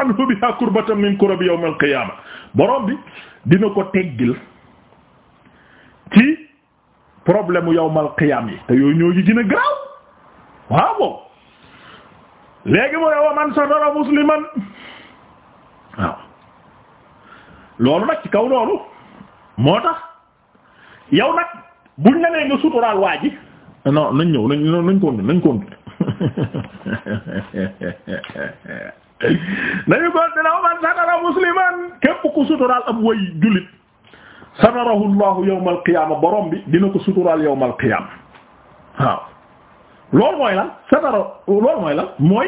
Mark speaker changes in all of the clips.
Speaker 1: anhu biha kurbatan min kurabi yawm al-qiyama ko teggil problème yawm al-qiyam yi te yooyu ñoo yi gën a garaaw waaw léegi mu ne wa man satara musliman waaw loolu nag ci kaw loolu moo tax yow nag buñ la nga suturaal waa ji non nañ ñëw nañ nañ ko nañ ko nañu ko dina man satara musliman képp ku suturaal ab jullit satarahu llahu yawmal qiyaama borom bi dina ko suturaal yawmal qiyaama waaw loolu mooy lan satara loolu mooy lan mooy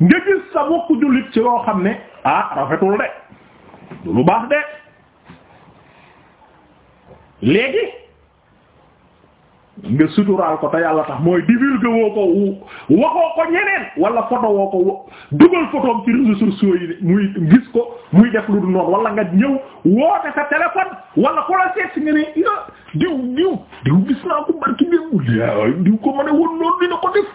Speaker 1: nga gis sa bokku jullit ci loo xam ne ah rafetul de lu baax de léegi nga suturaal ko te yàlla tax mooy divulgué woo ko waxoo ko ñeneen wala photo woo ko dugal photoom ci réseaux sociaux yi muy gis ko muy def lu du noonu wala nga ñëw woote sa téléphone wala ku la seet si nga ne ah, diw diw diw gis naa ko barki diw diw ko ma ne woon dina ko def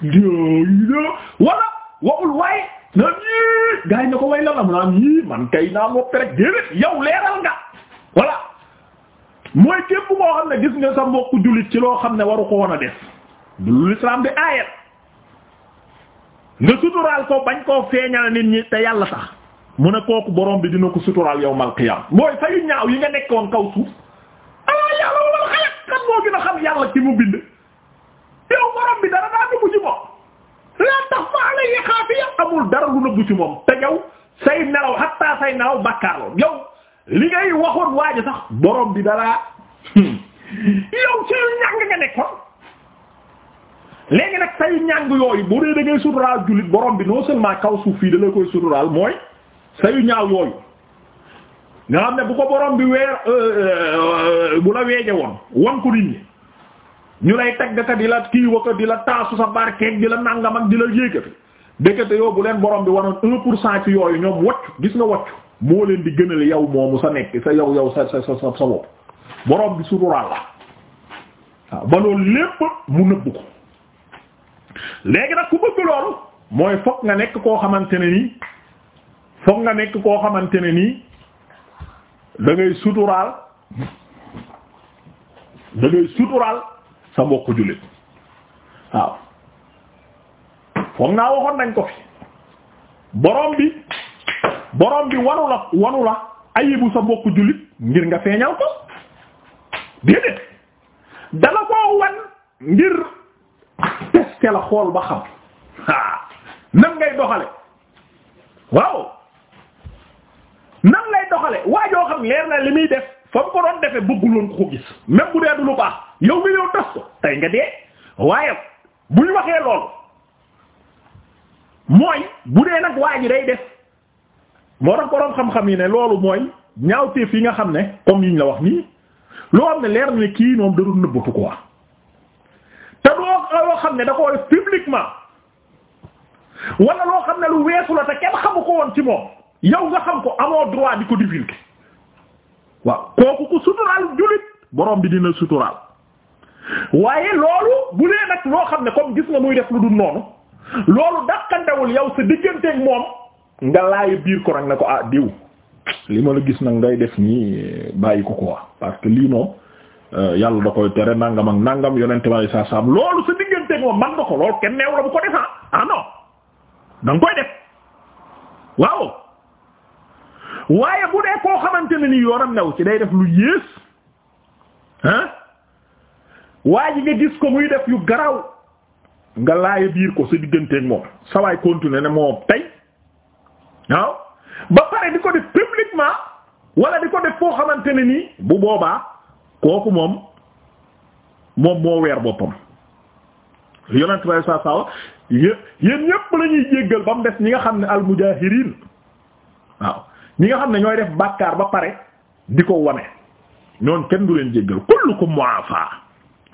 Speaker 1: wala waxul waaye naan yii gaa yi ne ko way la am yii man kay naa moppe rek déedéet yow leeral nga voilà mooy képp koo xam ne gis nga sa mbokku jullit ci loo xam ne waru ko woon a def du l'islam bi aayat nga suturaal ko bañ koo feeñal nit ñi te yàlla sax mu ne kooku borom bi dina ko suturaal yawmal qiyaam mooy fayu ñaaw yi nga nekkoon kaw suuf alaa yàlla wala xalaq xam moo gën a xam yàlla ci mu bind yow borom bi dara daa nëbbu ci moom laa tax fa alayhi xaafiya amul dara lu nëbbu ci moom te yow say nelaw hatta say nelaw bàkkaaroo yow li ngay waxoon waaja sax borom bi dalaa yow ci yu ñàng nga nekkoon léegi nag say ñàng yooyu boo dee da suturaal jullit borom bi non seulement kaw suuf fii da koy suturaal mooy yu ñaaw yooyu nga xam ne bu ko borom bi weer euh, euh, bu la weeje woon wan ko nit ñi ñu lay tagg ka di la kiiwa ko di la taasu sa barkeeg di la nàngam ak di la yéegati dëkkate yoo bu leen borom bi wanoon un pour cent ci yooyu ñoom waccu gis nga waccu moo leen di gënal yow moomu sa nekk sa yow yow sa sa sa sa bopp bi suturaal la waaw ba loolu lépp mu nëbbu ko léegi nag ku bëgg loolu mooy fokk nga nekk koo xamante ne nii fokk nga nekk koo xamante ne nii da ngay suturaal da suturaal sa mbokku jullit waaw foog naa waxoon nañ ko fi borom bi. borom bi waru la waru la sa bokk jullit ngir nga feeñal ko déedéet dala koo wan ngir tester la xool ba xam nan ngay doxale waaw nan lay doxale waa joo xam leer na li muy def fa mu ko doon defe bëgguloon ko ko gis même bu dee du lu baax yow mi yow tas ko tey nga dee waaye bu waxee loolu mooy bu dee nag waa ji day def moo tax boroom xam-xam yi ne loolu mooy ñaawteef yi nga xam ne comme yiñ la wax nii loo xam ne leer na ne kii ñoom darul nëbbatu quoi te loo xam ne da ko def publiquement loo xam ne lu weesu la te kenn ko woon ci moom yow nga xam ko amoo droit di ko divulguer waaw kooku ku suturaal jullit borom bi dina suturaal waaye loolu bu lee nag loo xam ne comme gis nga muy def lu dul noonu loolu dàqandewul yow sa digganteeg moom. nga laay biir ko nag ne ko ah diw li ma la gis nag ngay def nii bàyyi ko quoi parce que lii moom euh, yàlla da koy tere nangam ak nangam yonente ma sa sam sa digganteeg moom man ah. Ah, nga ko lool kenn new ci day def lu yées ah waa ji nga gis ko muy def yu garaw nga laaya biir ko sa digganteeg moom sawaay continuer ne moo tey waaw ba pare di ko def publiquement wala di ko def foo xamante ne nii bu boobaa kooku moom moom moo weer boppam yonent bay saa saa yéen yéen ñépp la ñuy jéggal ba mu des ñi nga xam ne al almujaahirin waaw ñi nga xam ne ñooy def bàkkaar ba pare di ko wone ñoon kenn du leen jéggal kullukum mu'afa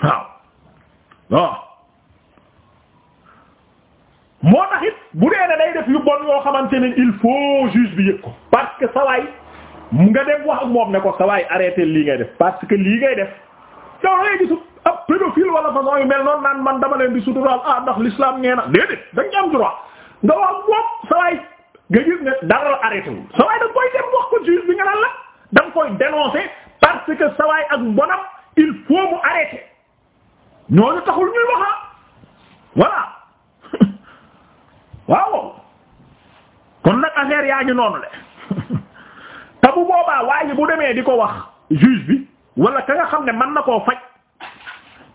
Speaker 1: waaw waaw moo tax bu dee ne day def yu bon yoo xamante ne il faut juge bi yëg ko parce que sawaay nga dem wax ak moom ne ko sawaay arrêté lii ngay def parce que lii ngay def yow da ngay wala façon yu mel noonu man dama leen di suturaal ah ndax l'islam nee na déedéet nga am droit nga wax moom sawaay nga gis ne dara arrêté wul sawaay da nga koy dem wax ko juge bi nga naan la da nga koy dénoncer parce que sawaay ak mbonam il faut mu arrêté ñooñu taxul ñuy waxa ah voilà waaw kon nag affaire yaa ngi noonu le te bu boobaa waaye bu demee di ko wax juge bi wala ka nga xam ne man na koo faj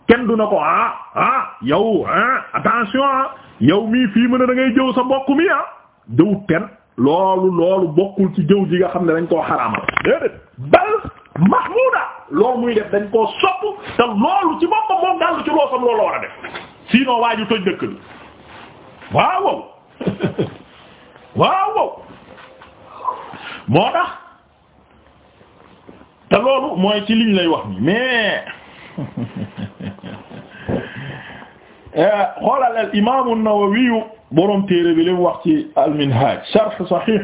Speaker 1: kenn du na ko ah ah yow ah attention ah yow mii fii mën a da ngay jëw sa mbokk mi ah jëwut kenn loolu loolu bokkul ci jëw ji nga xam ne dañ koo xaraamal déedéet bal mahmuda loolu muy def dañ koo sopp te loolu ci boppam moom daal ci loo sam loolu war a def sinon waaju toj dëkk bi waaw waaw wow moo tax te loolu mooy ci liñ lay wax ni mais eh, xoolal al imaamu Nawawi borom téere bi li mu wax ci al-Minhaj sharh Sahih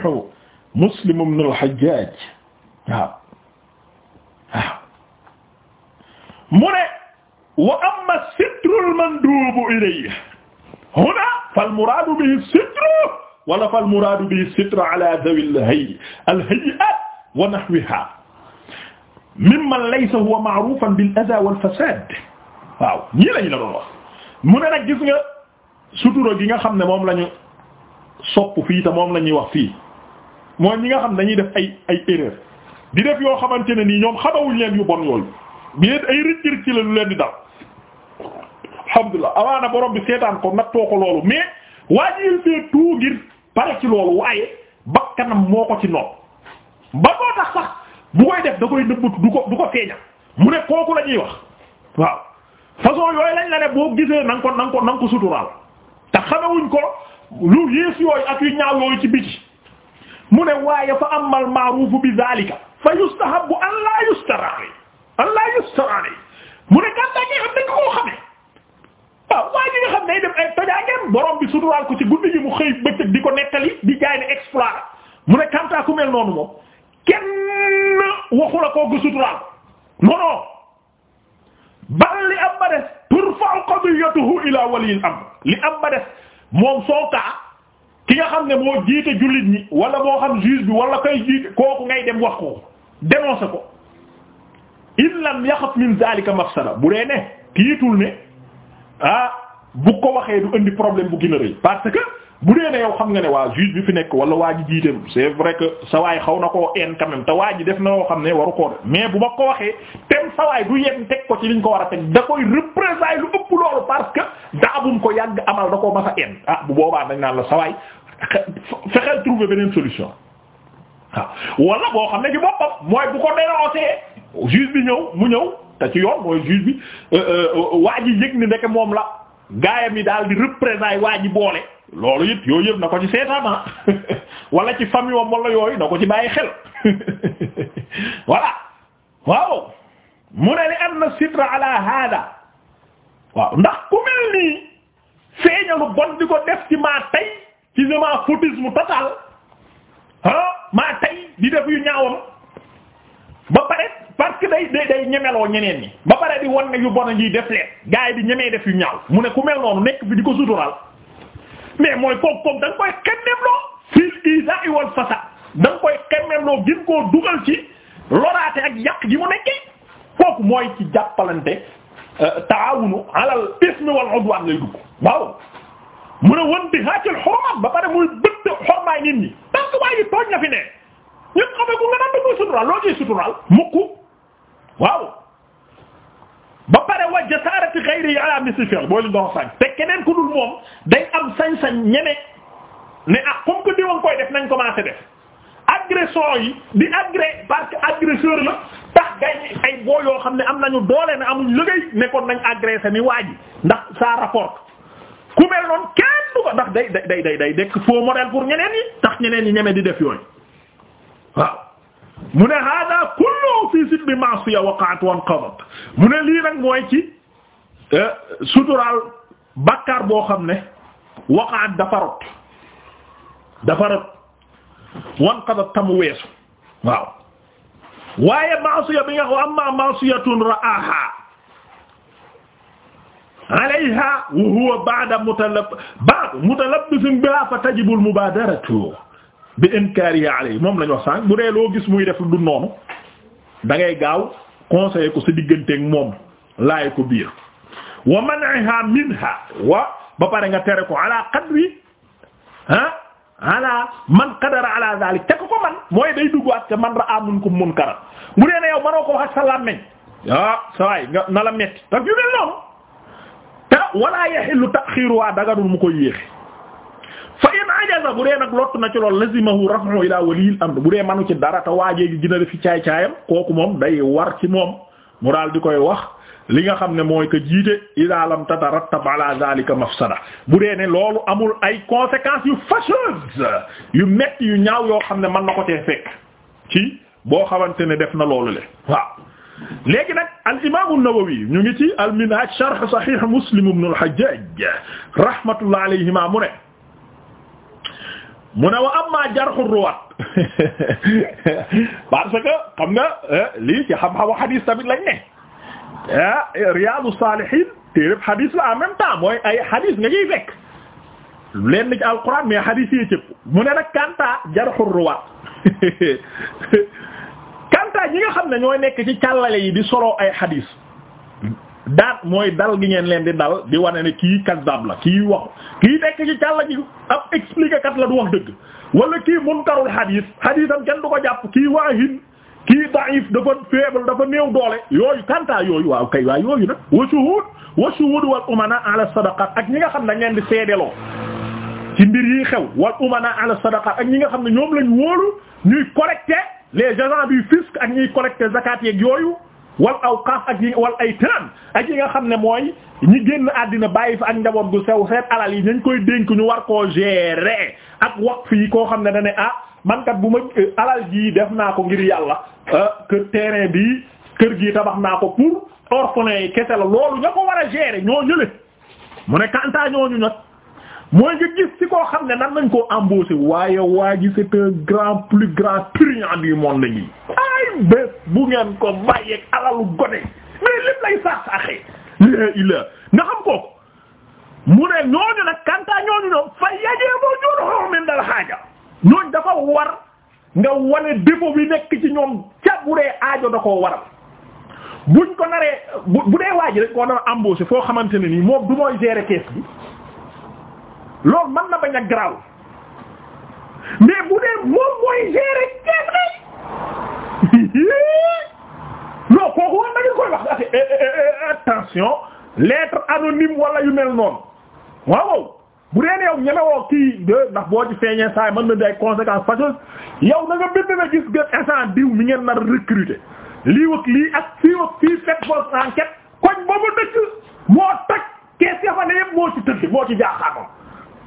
Speaker 1: Muslim ibn al-Hajjaj waaw waaw mu ne wa amma sitrul mandubu ilayhi huna fal muraadu bihi sitru wala fal muraadu bihi sitru ala dhawi al-hayy al-hayyi'at wa nahwiha mimman laysa huwa ma'rufan bil adha wal fasad waaw ñii lañ la doon wax mu ne nag gis nga sutura gi nga xam ne moom lañu sopp fii te moom la ñuy wax fii mooy ñi nga xam dañuy def ay ay erreur di def yoo xamante ne nii ñoom xamawuñ leen yu bon yooyu bi ay rëcc rëcc la lu leen di dal alhamdulilah amaana borom bi seetaan ko nattoo ko loolu mais waa ji il fait ngir pare ci loolu waaye bakkanam moo ko ci noonu ba moo tax sax bu koy def da koy nëbbut du ko du mu ne kooku la ñuy wax waaw façon yooyu lañ la ne boo gisee na ko na nga ko na suturaal te xamewuñ ko lu yées yooyu ak yu ñaaw yooyu ci biti mu ne waaye fa amal maaruufu bi zalika fa yustahabu an la yustara an mu ne gàntaa ñi xam dañ ko koo waaw waaye ñi nga xam ne def ay tojaangeem borom bi suturaal ko ci guddi gi mu xëy bëccëg di ko nettali di jaay ne exploit mu ne kamtaa ku mel noonu moom kenn waxu la kooku suturaal non non bal li am ba des turfa'u qadiyatuhu ila waliyil amr li am ba des moom soo kaa ki nga xam ne moo jiite jullit ñi wala moo xam juge bi wala koy jiite kooku ngay dem wax ko dénoncer ko in lam yaxaf min zalika mafsada bu dee ne tiitul ne ah bu ko waxee du indi problème bu gën a rëy parce que bu dee ne yow xam nga ne waa juge bi fi nekk wala waa ji jiite c'est vrai que sa waay xaw na ko een quand même te waa ji def na loo xam ne waru koo def mais bu ma ko waxee tem sa waay du yem teg ko ci li liñ ko war a teg da koy représailles lu ëpp loolu parce que daabum ko yàgg amal da koo mas a een ah bu boobaa dañ naan la sa waay fexeel trouver beneen solution waaw wala boo xam ne ci boppam ko dénoncé juge bi ñëw mu ñëw. te ci yoon mooy juge bi euh, euh, waa ji yëg ni ndeke moom la gaayam yi daal di représailles waa ji boole loolu it yooyu yëpp na ko ci seetaana ah. wala ci famille wam wala yooyu na ko ci bàyyi xel voilà waaw mu ne li am na sitra ala hada waaw ndax ku mel nii feeñalu bon di ko def ci maa tey ci sama fautisme total ah maa tey di def yu ñaawam ba pare parce que day day day ñemeloo ñeneen ñi ba pare di wan ne yu bon a ngi def leen gars yi di ñemee def yu ñaaw mu ne ku mel noonu nekk fi di ko sutural mais mooy kooku kooku da nga koy xemmeem loo fil isa'i wal fasa da nga koy xemmeem loo gën koo dugal ci loraate ak yàq ji mu nekkee kooku mooy ci jàppalante euh, taawunu alal ismi wal udwan lay dugg waaw mu ne wanti haatil xurumaat ba pare muy bëtt xormaay nit ñi parce que yi tooñ na fi ne ñun xamee ku nga naan dañuy suturaal waaw ba pare wa jasaarati ghayri ala misli fi'l boo li doon sañ te keneen ku dul moom day am sañ-sañ ñeme ne ah comme que diwa nga koy def nañ commencé def agression yi di agré parce que agresseur la tax gañ ay boo yoo xam ne am nañu doole ne amuñ liggéey nekkoon nañ agressé ni waa ji ndax ça rapporte ku mel noonu kenn du ndax day day day day dekk faux modèle pour ñeneen yi tax ñeneen yi ñeme di def yooyu waaw mu ne hada fi sit bi ma'siya waqa'at wan qadat mu ne lii nag mooy ci eh, suturaal bakkaar boo xam ne waqa'at dafa rot dafa rot wan qadat tamu weesu waaw waaye ma'siya bi nga xam amma ma'siyatun ra'aha alayha wa huwa ba'da mutalab ba'da mutalabbisin biha fa tajibu al-mubaadaratu bi inkaariha alayhi moom lañu wax sànq bu dee loo gis muy def du noonu da ngay gaaw conseiller ko sa digganteeg moom laay ko biir wa man'iha minha wa ba pare nga tere ko ala qadri ah ala man qadara ala zalik te ko ko man mooy day duggaat te man ra'a minkum munkara mu dee ne yow manoo ko wax ak sa làmmeñ ah sawaay nga na la metti te yu mel noonu te wala yahillu ta'khiruha mu koy yéexe fa in ajaza bu dee nag lott na ci lool lazimahu raf'u ila waliyil amr bu dee manu ci dara te waajeegi gën a defi caay-caayam kooku moom day war ci moom mu daal di koy wax li nga xam ne mooy que jiite ila lam tatarattab ala zalika mafsada bu dee ne loolu amul ay conséquences yu fâcheuses yu metti yu ñaaw yoo xam ne mën na ko tee fekk ci boo xamante ne def na loolu le waaw léegi nag al imam an-Nawawi ñu ngi ci al minhaj sharh sahih Muslim ibn al-Hajjaj rahmatullah alayhima mu ne mu ne wa amma jarxu ruwaat parce que xam nga eh, lii ci xam-xamu hadis tamit lañ ne ah eh, Riyadu Salihin téereb la en même temps mooy ay hadis nga ñuy fekk lenn ci alquran mais hadis yi cëpp mu ne nag kanta jarxu ruwaat kanta ñi nga xam ne ñooy nekk ci càllale yi di solo ay hadis. daat mooy dal gi ngeen leen di dal di wane ne kii kazzab la kii wax kii nekk ci càll gi ab expliqué kat la du wax dëgg wala kii munkarul hadith haditham kenn du ko jàpp kii waa waahin kii da'if dafa faible dafa néew doole yooyu kantaa yooyu waaw kay waaw yooyu nag wa shuhud wa shuhud wal umana ala sadaqat ak ñi nga xam ne ngeen di seedeloo ci mbir yi xew wal umana ala sadaqat ak ñi nga xam ne ñoom lañu wóolu ñuy collecter les agents du fisc ak ñuy collecter zakat yeeg yooyu wal awqaf ak yi wal aytaam ak yi nga xam ne mooy ñi génn àddina bàyyi fa ak njaboot gu sew seet alal yi nañ koy dénk ñu war koo gérer ak waqf yi koo xam ne da ah man kat bu ma euh, alal jii def naa ko ngir yàlla que euh, terrain bi kër gi tabax naa ko pour orphelins yi kese la loolu ña ko war a geere ñoo ñële mu ne kantaa ñooñu ñot mooy nga gis ci koo xam ne nan nañ koo embauché waaye waa ji c'est un grand plus grand truand du monde ngi ay bés bu ngeen ko bàyyeeg alalu gone mais lépp lay saax saaxee illa nga xam kooku mu ne ñooñu nag kanta ñooñu ñoom fa yajee boo joonoo min dal xaaja ñooñ dafa war nga wane défaut bi nekk ci ñoom ca bu dee aajo da koo waral buñ ko naree bu dee waa ji rek koo nar a foo xamante ne nii moom du mooy gérer caisse bi loolu man na bañ a garaaw mais bu dee moom mooy gérer ceeb rek non kooku woon nañu koy wax eh, eh, eh, attention lettre anonyme wala yu mel noonu waaw bu dee ne yow ñemewoo kii ndax boo ci feeñee saa yi mën na di ay conséquences fâcheuses yow na nga bind na gis nga instant diw mi ngeen nar recruter lii wëkk lii ak fii wëkk fii fekk boobu enquête koñ boobu dëkk moo toj kees ya fa moo ci tëdd moo ci jaaxaanoo.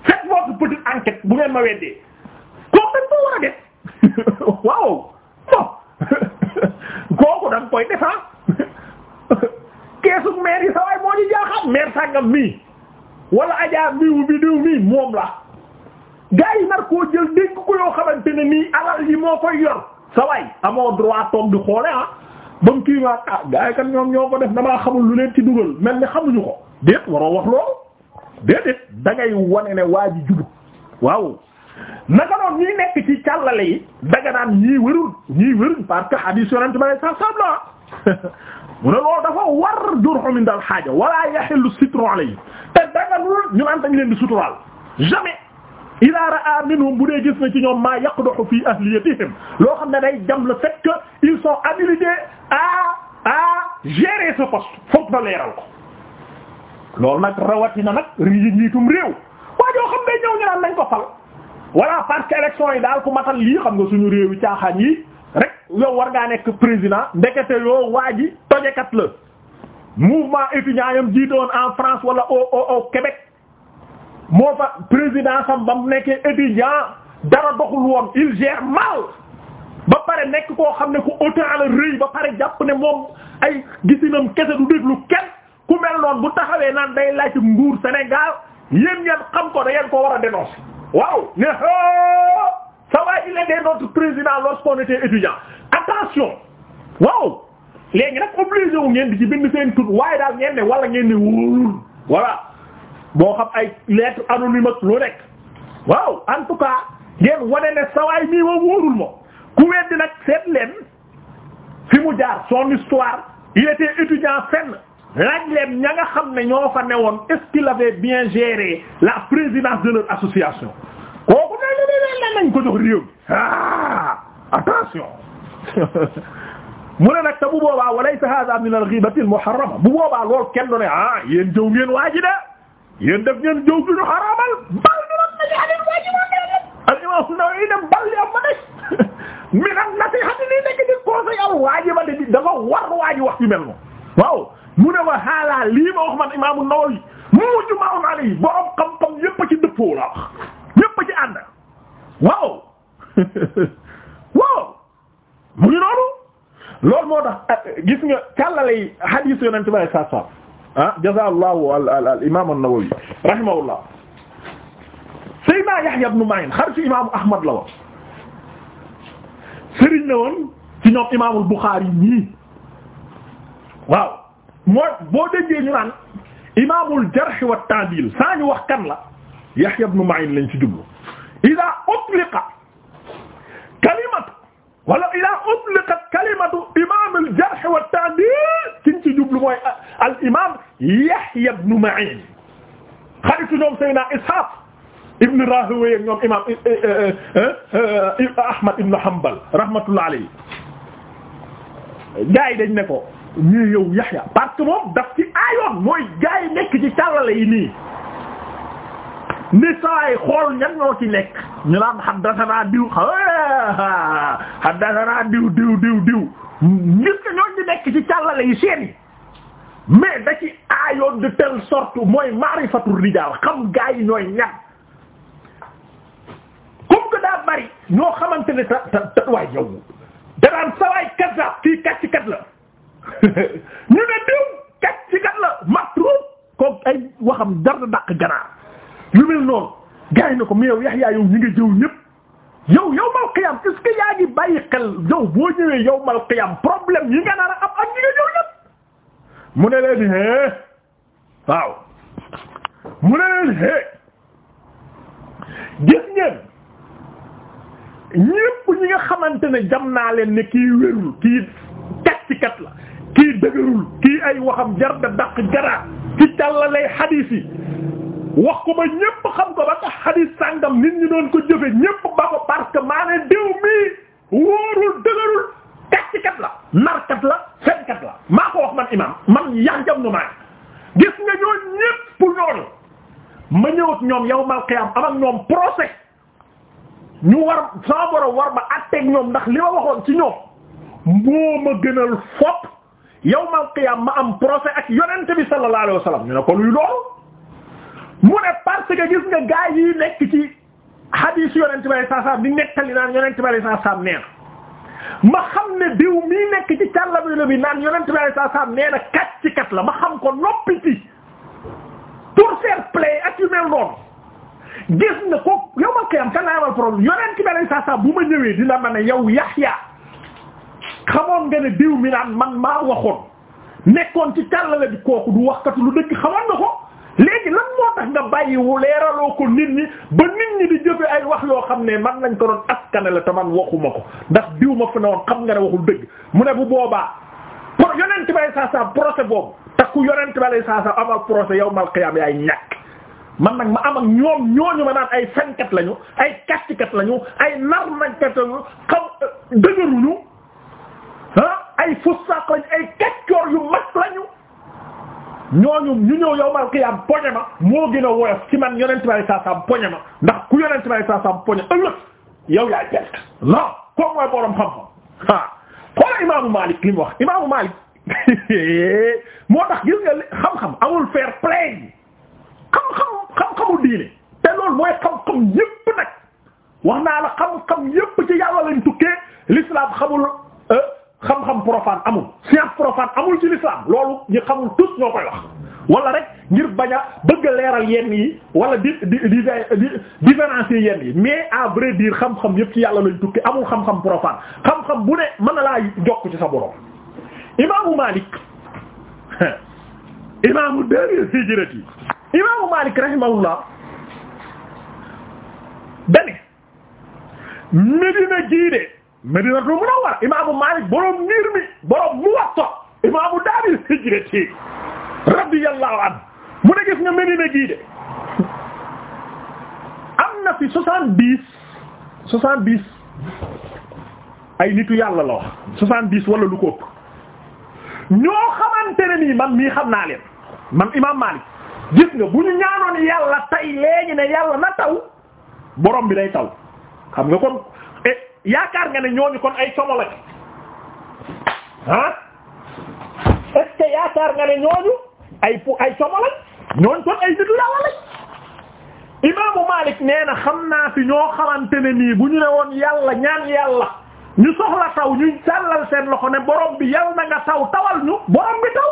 Speaker 1: faites votre petite enquête bu ngeen ma weddee kooku dañ ko war a def koy def ah keesum maire yi sa moo ñu jaaxal maire sàngam mii wala ajaa mii bi diw mii moom la gaa yi nar koo jël dégg ko yoo xamante nii alal yi moo koy yor sa waay amoo droit toog di xoole ah ba mu kii ah gaa yi kan ñoom ñoo ko def damaa xamul lu leen ci dugal mel ni xamuñu ko déet waroo wax loolu. déedéet da ngay wane ne waa ji jubut waaw naka noonu ñuy nekk ci càllale yi daga naan ñii wérul loo wérul parce que hadis yonente ba lay sa sab la mu te daga ñu naan dañ leen di suturaal jamais ila ra'a minhum bu dee gis na ci ñoom maa yaqdahu fi ahliyatihim loo xam ne day jam la fait que ils sont habilités à à gérer ce poste foog ko lool nag rawatina nag riig njiitum réew waa joo xam day ñëw ñu nañ ko fal voilà parce que élection yi daal ku matal lii xam nga suñu réew yi caaxaan yi rek yow war ngaa nekk président ndekete yoo waa ji tojekat la mouvement étudiant yam jiite en France wala au au au Québec moo fa président sam ba nekkee étudiant dara doxul woon il gère ba pare nekk koo xam ne ku autant la rëy ba pare jàpp ne moom ay gisinam kese du déglu kenn ku mel noonu bu taxawee naan day laaj nguur Sénégal yéen ngeen xam ko da ngeen ko war a dénoncer waaw ne ça va il était notre président lorsqu'on était étudiant attention waaw léegi nag obligé wu ngeen di ci bind seen tur waaye daal ngeen ne wala ngeen ne wóorul voilà boo xam ay lettre anonyme lu nekk waaw en tout cas ngeen wane ne sawaay mii moom wóorul moom ku weddi nag seet leen mu jaar son histoire il était étudiant fenn laaj leen ña nga xam ne ñoo fa newoon est-ce qu'il avait bien géré la présidence de leur association kooku ne leen nañ ko jox réew mi ah attention mu ne nag te bu boobaa walaysa hada min al-ghibati al-muharrama bu boobaa lool kenn doone ah yéen jëw ngeen waaji da yéen def ngeen jëw gi ñu xaraamal bal bi ron nañu anen waaji moo neene al imam An-Nawawi dem bal li am ma def mi nag nasihati lii nekk di conseil al waaji ba de dafa war waaji wax yu mel noonu waaw mu ne wa xaalaa lii ma wax man imaamu Nawawi mujma'un alayhi borom xam-xam yépp a ci dëppoo la wax yépp a ci ànd waaw waaw mu ngi noonu loolu moo tax ah, gis nga kàllalay hadith yonente bi saa saa ah jazaallahu al al al imaam an-Nawawi rahimahullah Seydina Yahya ibn Ma'in xaritu imaamu Ahmad la woon Serigne la woon ci ñoom imaamul Bukhari ñii waaw mooy boo déggee ñu naan imaamul jarh wa ta'dil saa ñu wax kan la Yahya ibn Ma'in lañ ci jublu ida utliqa kalimatu wala ida utliqat kalimatu imaamul jarh wa ta'dil kiñ ci jublu mooy al imaam Yahya ibn Ma'in xaritu ñoom Seydina Ishaq ibn Rahawayh ñoom imaam eh, eh, eh, Ahmad ibn Hanbal rahmatullah alayhi gaay dañ ne ko ñii yow Yaxya parce que moom daf ci mooy gaa yi nekk ci càllale yi nii ni sawaay xool ñan ñoo ci nekk ñu naan haddathana diw haddathana diw diw diw diw ngis nga ñoo nekk ci càllale yi seeni mais da ci aayoon de telle mooy maarifatu rijaal xam gaa yi ñooy ñan comme que ñoo xamante ne ta ta ta yow danaan sawaay kazaab fii kàcc kat la ñu ne diw kat ci kat ko ay waxam jar na dàq ganaar yu mel noonu gars ko mais yow Yahya yow ñi nga jëw ñëpp yow yawmal qiyam est ce que yaa ngi bàyyi xel yow boo ñëwee yawmal qiyam problème yi a am ak ñi nga jëw ñëpp mu ne leen hee waaw mu ne leen hee gis ngeen ñépp ñi nga xamante ne jam naa leen ne kii wérul kii kat ci la kii dëgërul kii ay waxam jar da daq jaraa ci talla lay wax ko ba ñépp xam ko ba tax xadiis sàngam nit ñi doon ko jëfe ñépp ba ko parce que maa ne diw mii wóorul dëgërul kàccikat la narkat la fenkat la maa ko wax man imaam man yanjam nu maa gis nga ñoo ñépp ñoonu ma ñëw ñoom yow qiyaam am ak ñoom procès ñu war sama war ba àtteeg ñoom ndax li ma waxoon ci ñoom moo ma gënal fopp yow yawmal qiyaam ma am procès ak yonent bi sallallahu alayhi wa sallam ñu ne ko luy loolu mu ne parce que gis nga gaay yi nekk ci hadis yonent bi sallallahu alayhi wa sallam di naan yonent bi sallallahu alayhi wa ma xam ne diw mii nekk ci càllabilo bi naan yonent bi sallallahu alayhi wa kat ci kat la ma xam ko noppi ci pour play ak yu mel noonu gis nga ko yawmal qiyaam kan laa amal problème yonent bi sallallahu alayhi bu ma ñëwee dina ma ne yow Yaxya xamoon nga ne diw mi naan man maa waxoon nekkoon ci càllale bi kooku du wax waxkatu lu dëkk xamoon na ko léegi lan moo tax nga bàyyiwu leeraloo ko nit ñi ba nit ñi di jëfe ay wax yoo xam ne man lañ ko doon askane la te man waxuma ko ndax diw ma fa ne woon xam nga ne waxul dëgg mu ne bu boobaa pour yonent balay saa saa procès boobu tax ku yonent balay saa saa amal procès yawmal qiyaam yaay ñàkk man nag ma am ak ñoom ñooñu ma naan ay fenkat lañu ay kàccikat lañu ay nar nañkat lañu xam dëgëruñu Ah, ay fussaaq lañ ay kaccoor yu mag lañu ñooñu ñu ñëw yowmal qiyaam poñe ma moo gën a woyof ci man yonent bi alayhi salaam poñe ma ndax ku yonent bi alayhi salaam poñe ëllëg yow yaay perte non kooku mooy borom xam-xam ah xoolal imaamu Maalik li mu wax moo tax gis nga xam-xam amul fair play xam-xam xam-xamu diine te mooy xam-xam yépp nag wax naa la xam-xam yépp ci yàlla lañ tukkee l'islam xamul. Euh, xam-xam profane amul science profane amul ci l'islam loolu ñu xamul tous ñoo koy wax wala rek ngir bañ a bëgg a leeral yenn yi wala di di di différencier yenn yi mais à vrai dire xam-xam yëpp ci yàlla lañ tukki amul xam-xam profane xam-xam bu ne mën na laa jokk ci sa borom. imaamu Malik imaamu dernier hijrati imaamu Malik rahimahullah benn Medina jiide. Madinatu Munawwara imaamu Maalik borom niir mi borom Muwatta imaamu daaril hijrati radiyallahu anhu mu ne gis nga Medina gii de am na fi soixante-dix soixante-dix ay nitu yàlla la wax soixante-dix wala lu ko ëpp ñoo xamante ne nii man mii xam naa leen man imaam Maalik gis nga bu ñu ñaanoon yàlla tay léegi ne yàlla na taw borom bi day taw xam nga kon. yaakaar nga ne ñooñu kon ay como lañ ah est-ce yaakaar nga ne ñooñu ay pu ay como lañ ñooñu kon ay nit la wala imaamu Malik nee na xam naa fi ñoo xamante ne nii bu ñu ne woon yàlla ñaan yàlla ñu soxla taw ñu sàllal seen loxo ne borom bi yàlla na nga taw tawal ñu borom bi taw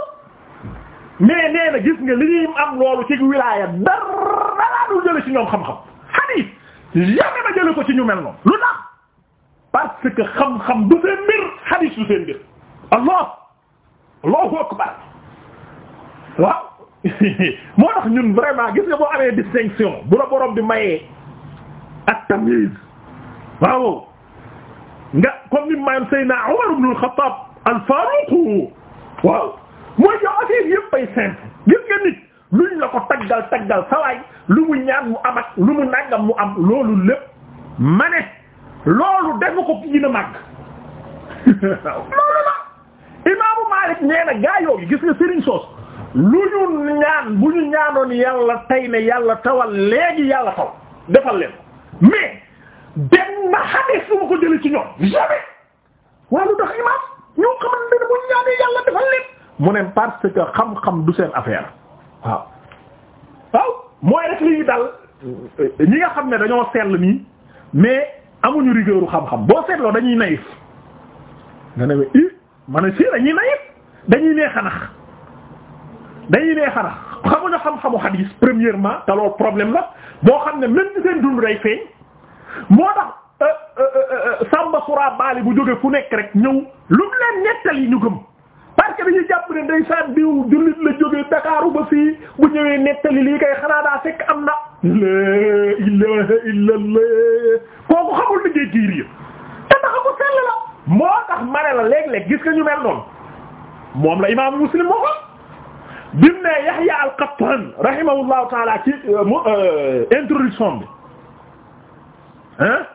Speaker 1: mais nee na gis nga li ñuy am loolu ci wilaaya dara dul jële ci ñoom xam-xam xadis jamais ma jële ko ci ñu mel noonu lu tax parce que xam-xam du seen mbir hadith du allah akbar waaw moo tax ñun vraiment gis nga amee distinction bu la borom bi mayee ak tamyiz waaw nga comme ni mayoon Seydina Umar al-Khattab al-Faruq waaw mooy yow taggal taggal sawaay lu mu ñaan mu am lu mu nàngam mu am loolu lépp ma loolu defu ko gën a màgg loolu la imaamu Maalik nee na gaa yooyu gis nga Serigne Sos lu ñu ñaan bu ñu ñaanoon yàlla tey ne yàlla tawal léegi yàlla taw defal leen mais benn na xadis su ma ko jëlee ci ñoom jamais waaye lu tax imaam ñoo xamante ne bu ñu ñaanee yàlla defal leen mu ne parce que xam-xam du seen affaire waaw mooy rek li dal ñi nga xam ne dañoo sell nii mais. amuñu rigueur xam-xam boo seetloo dañuy naïf nga ne i ma ne si dañuy naïf dañuy neex a nax dañuy neex a xamuñu xam-xamu hadis premièrement te loolu problème la boo xam ne même seen dund day feeñ moo tax euh, euh, euh, sàmba sura baali bu jóge fu nekk rek ñëw lu mu leen nettal yi ñu gëm parce dañuy jàpp ne day saan diw jullit la jóge Dakaaru ba fii bu ñëwee nettali lii kay xanaa daa fekk am na laa ilaaha illallaah kooku xamul liggéey kii riir te taxa ko sell la moo tax mane la léeg-léeg gis nga ñu mel noonu moom la imaamu muslim moo ko bim ne Yahya al-Qattan rahimahullahu taala ci euh, euh, introduction bi hein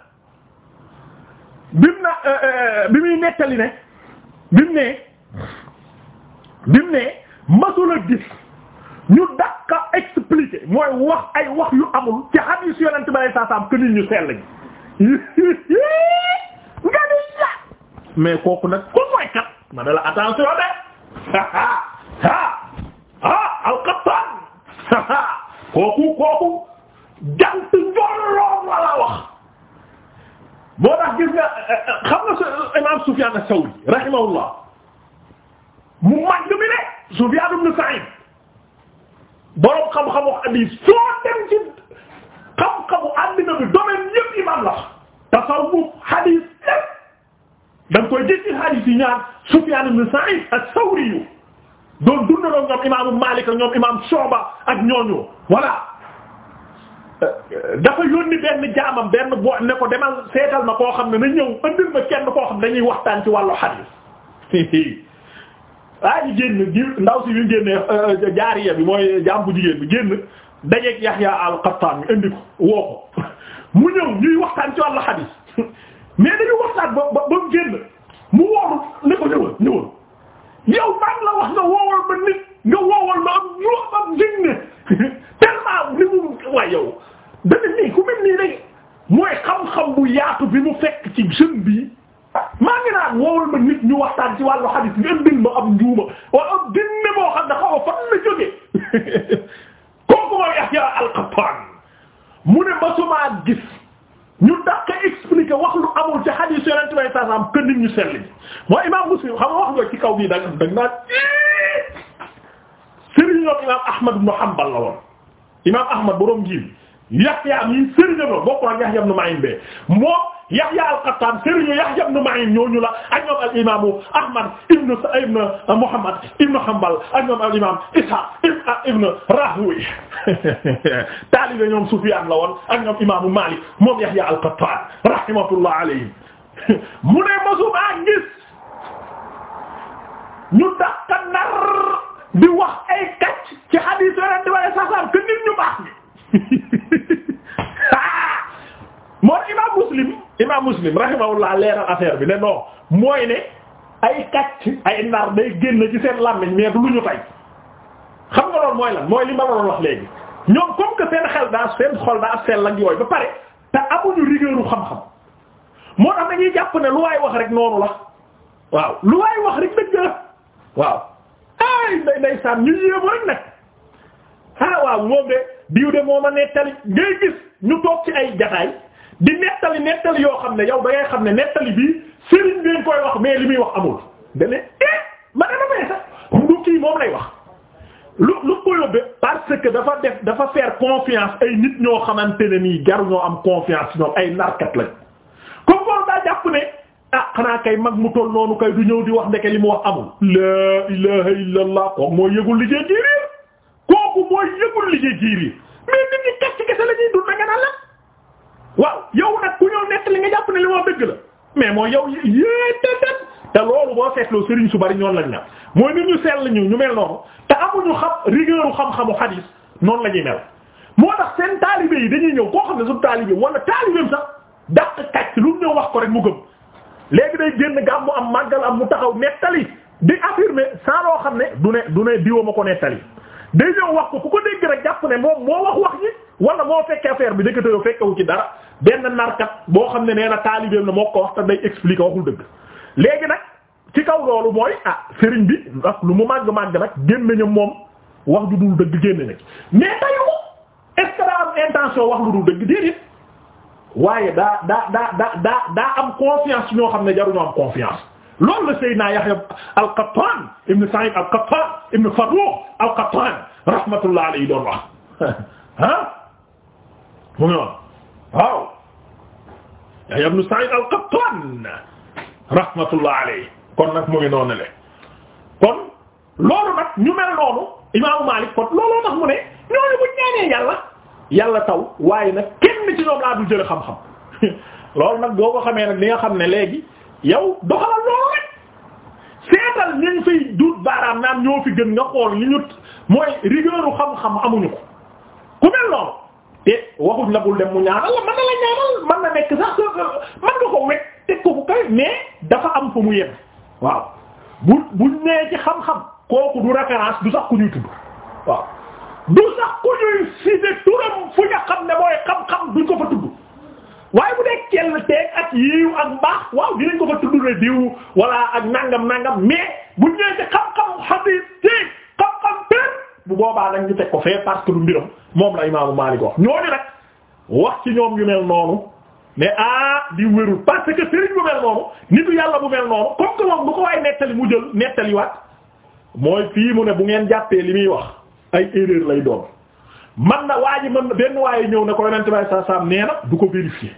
Speaker 1: bim na euh, bi muy nettali ne bim ne bim ne masula gis ñu dàqa expliquer mooy wax ay wax yu amul ci hadith yonent bi ñu sell ñi nga ni mais kooku nag ku mooy kat ma ne la attention ha ha al-Qattan kooku kooku jant njolloon wala wax boo tax gis nga xam nga sa imam Sufyan as mu mag bi ne Sufyan ibn Sa'id borom xam-xamu hadith soo dem ci xam-xamu àddina bi domaine yëpp imam la tasawuf hadith yëpp da nga koy gis ci hadith yi ñaar Sufyan ibn Sa'id as-Sawri yu doon dundaloo ñoom imaamu Malik ak ñoom imam Shuba ak ñooñu voilà dafa yónni benn jaamam benn boo ne ko demal seetal ma koo xam ne na ñëw andil ma kenn koo xam ne dañuy waxtaan ci wàllu hadith waa ji ndaw si bi génnee euh, jaariya bi mooy jaam jigéen bi génn dajeeg Yahya al indi ko mu ñëw ñuy waxtaan ci wàllu xadiis mais dañu waxtaan ba mu génn mu wooru ne ko la wax nga woowal ma nit nga woowal ma am ñu am jinne tellement ni mu waaye yow dañu nii ku mel nii rek mooy xam-xam bu yaatu bi mu fekk dag naan sëriñ ñoom imaam Ahmad ibn Hanbal la woon Yahya mi sëriñam la bokk Yahya ibn Ma'in be moom Yahya al-Qattan sëriñu Yahya ibn Ma'in ñooñu la ak al imaamu Ahmad ibn Muhammad ibn Hanbal ak al imaam Ishaq ibn Rahwi taalibe ñoom Sufyan la woon ak Yahya al-Qattan rahimahullah mu ne masumaa gis ñu tax ka nar di wax ay kacc ci hadith yonent bi sallallahu alayhi wasallam nit ñu baax ni ah! moo imam muslim imam muslim rahimahullah leeral affaire bi ne non mooy ne ay kacc ay nar day génn ci seen làmmiñ mais lu ñu tay xam nga loolu mooy lan mooy li ma waroon wax léegi ñoom comme que seen xel daa seen xol daa seen lañ yooyu ba pare te amuñu rigueur xam-xam moo tax dañuy jàpp ne lu waay wax rek noonu la waaw lu waay wax rek dëgg la waaw ay day day saan ñu yéemu rek nag ah waaw moom de diw de moo ma nettali ngay gis ñu toog ci ay jataay di nettali nettali yoo xam ne yow da ngay xam ne nettali bii sëriñ bi koy wax mais li muy wax amul dane eh ma ne ma sax ndu kii moom lay wax lu lu ko yóbbee parce que dafa def dafa faire confiance ay nit ñoo xamante ne nii garu ñoo am confiance ñoom ay narkat lañ comme daa jàpp ne xanaa kay mag mu toll noonu kay du ñëw di wax ndeke li mu wax amul laa ilaha illa allah kooku yëgul liggéey jiiriir kooku mooy yëgul liggéey jiiriir mais nit ñi kacc kese la dund na nga naan la waaw yow nag ku ñëw nekk li nga jàpp ne li moo dëgg la mais mooy yow yéetetet te loolu boo seetloo sëriñ su bari ñoon lañ na mooy nit ñu sell ñu ñu mel noonu te amuñu xam rigueur xam-xamu hadis noonu la ñuy mel moo tax seen taalibe yi dañuy ñëw koo xam lu ñëw wax ko rek mu gëm léegi day génn gàmmu am màggal am mu taxaw nettali di affirmer saa loo xam ne du ne du ne diwa ma ko nettali day ñëw wax ko ku ko dégg rek jàpp ne moom moo wax wax yi wala moo fekk affaire bi dëkk yoo fekkewu ci dara benn narkat boo xam ne nee na taalibeem la moo ko wax te day expliquer waxul dëgg léegi nag ci kaw loolu mooy ah sëriñ bi ndax lu mu màgg màgg nag génn ña moom wax ju dul dëgg génn na mais tayu est intention wax lu dul dëgg déedéet waaye daa daa daa daa daa am confiance ñoo xam ne jaruñoo am confiance loolu la Yahya al-Qattan ibn Sa'id al-Qattan ibn Farrukh al-Qattan rahmatullah alayhi doon wax mu ngi woon Yahya ibn Sa'id al-Qattan rahmatullah alayhi kon mu ngi le kon loolu nag ñu mel noonu imaamu Malik kon looloo tax mu ne ñooñu bu ñaanee yàlla yàlla taw waaye nag kenn ci ñoom laa dul jële xam-xam loolu nag boo ko xamee nag li nga xam ne léegi yow doxalal loolu rek seetal ñañ fay duut baaraam naan ñoo fi gën nga xool li ñu mooy rigueuru xam-xam amuñu ko ku mel noonu te waxuñ la bul dem mu ñaanal la na nekk sax euh, euh, mën nga ko wet teg ko fu kay dafa am fu mu yem waaw bu bu nee ci xam-xam kooku du référence du sax ku ñuy tudd waaw du sax ku ñuy cité turam fu nga xam ne mooy xam-xam duñ ko fa tudd waaye bu dee kell teeg ak yiiw ak mbaax waaw dinañ ko fa tudd ne diw wala ak nangam nangam mais buñ ñëwee ci xam-xam xadiis teeg xam-xam benn bu boobaa nag ñu teg ko fee parce du mbiram moom la imaamu Maalik wax ñooñu nag wax ci ñoom yu mel noonu mais ah di wérul parce que sëriñ bu mel noonu nitu yàlla bu mel noonu comme que moom bu ko waay nettali mu jël nettaliwaat mooy fii mu bu ngeen jàppee li muy wax. ay erreur lay doon man na waa ji man na benn waaye ñëw ne ko yonent bay saa saam nee na du ko vérifier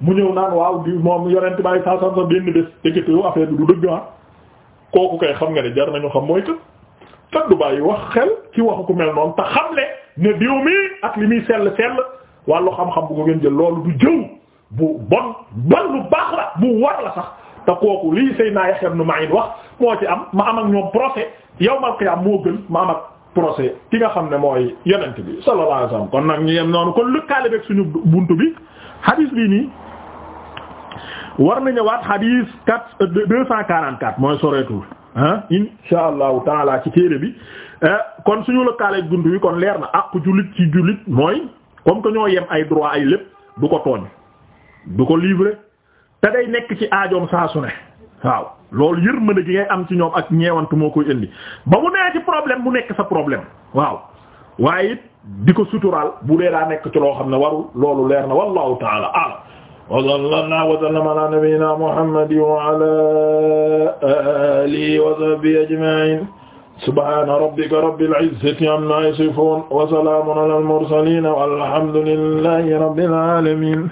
Speaker 1: mu ñëw naan waaw di moom yonent bay saa saam sa benn bés dëkkate yow affaire bi du dëgg ah kooku kay xam nga ne jar nañu xam mooy que kat du bàyyi wax xel ci waxu ku mel noonu te xam ne ne diw mi ak li muy sell sell wàllu xam-xam bu ko ngeen jël loolu du jëw bu bon bon lu baax la bu war la sax te kooku lii Seydina Yahya ibn Ma'in wax moo ci am ma am ak ñoom procès yawmal qiyaam moo gën ma am procès ki nga xam ne mooy yonent bi sallallahu alayhi kon nag ñu yem noonu kon lëkkaale beeg suñu bunt bi hadith bii nii war na ñëwaat hadith quatre euh, deux cent quarante quatre mooy soreetul ah insha allahu taala ci téere bi euh, kon suñu lëkkaaleeg bunt bi kon leer na àqu jullit ci jullit mooy comme que ñoo yem ay droit ay lépp du ko tooñ du ko livrer te day nekk ci aajoom saa su ne waaw. loolu yërmande gi ngay am ci ñoom ak ñeewantu moo in indi ba mu nee ci problème bu nekk sa problème waaw waaye it di ko suturaal bu dee daa nekk ci loo xam ne warul loolu leer na wallahu taala a'lam wa sallallahu wa sallama ala nabiyyina muhammadin wa ala alihi wa sahbihi ajma'in subhana rabbika rabbil izzati amma yasifun wa salamun al mursalin walhamdulillahi rabbil alamin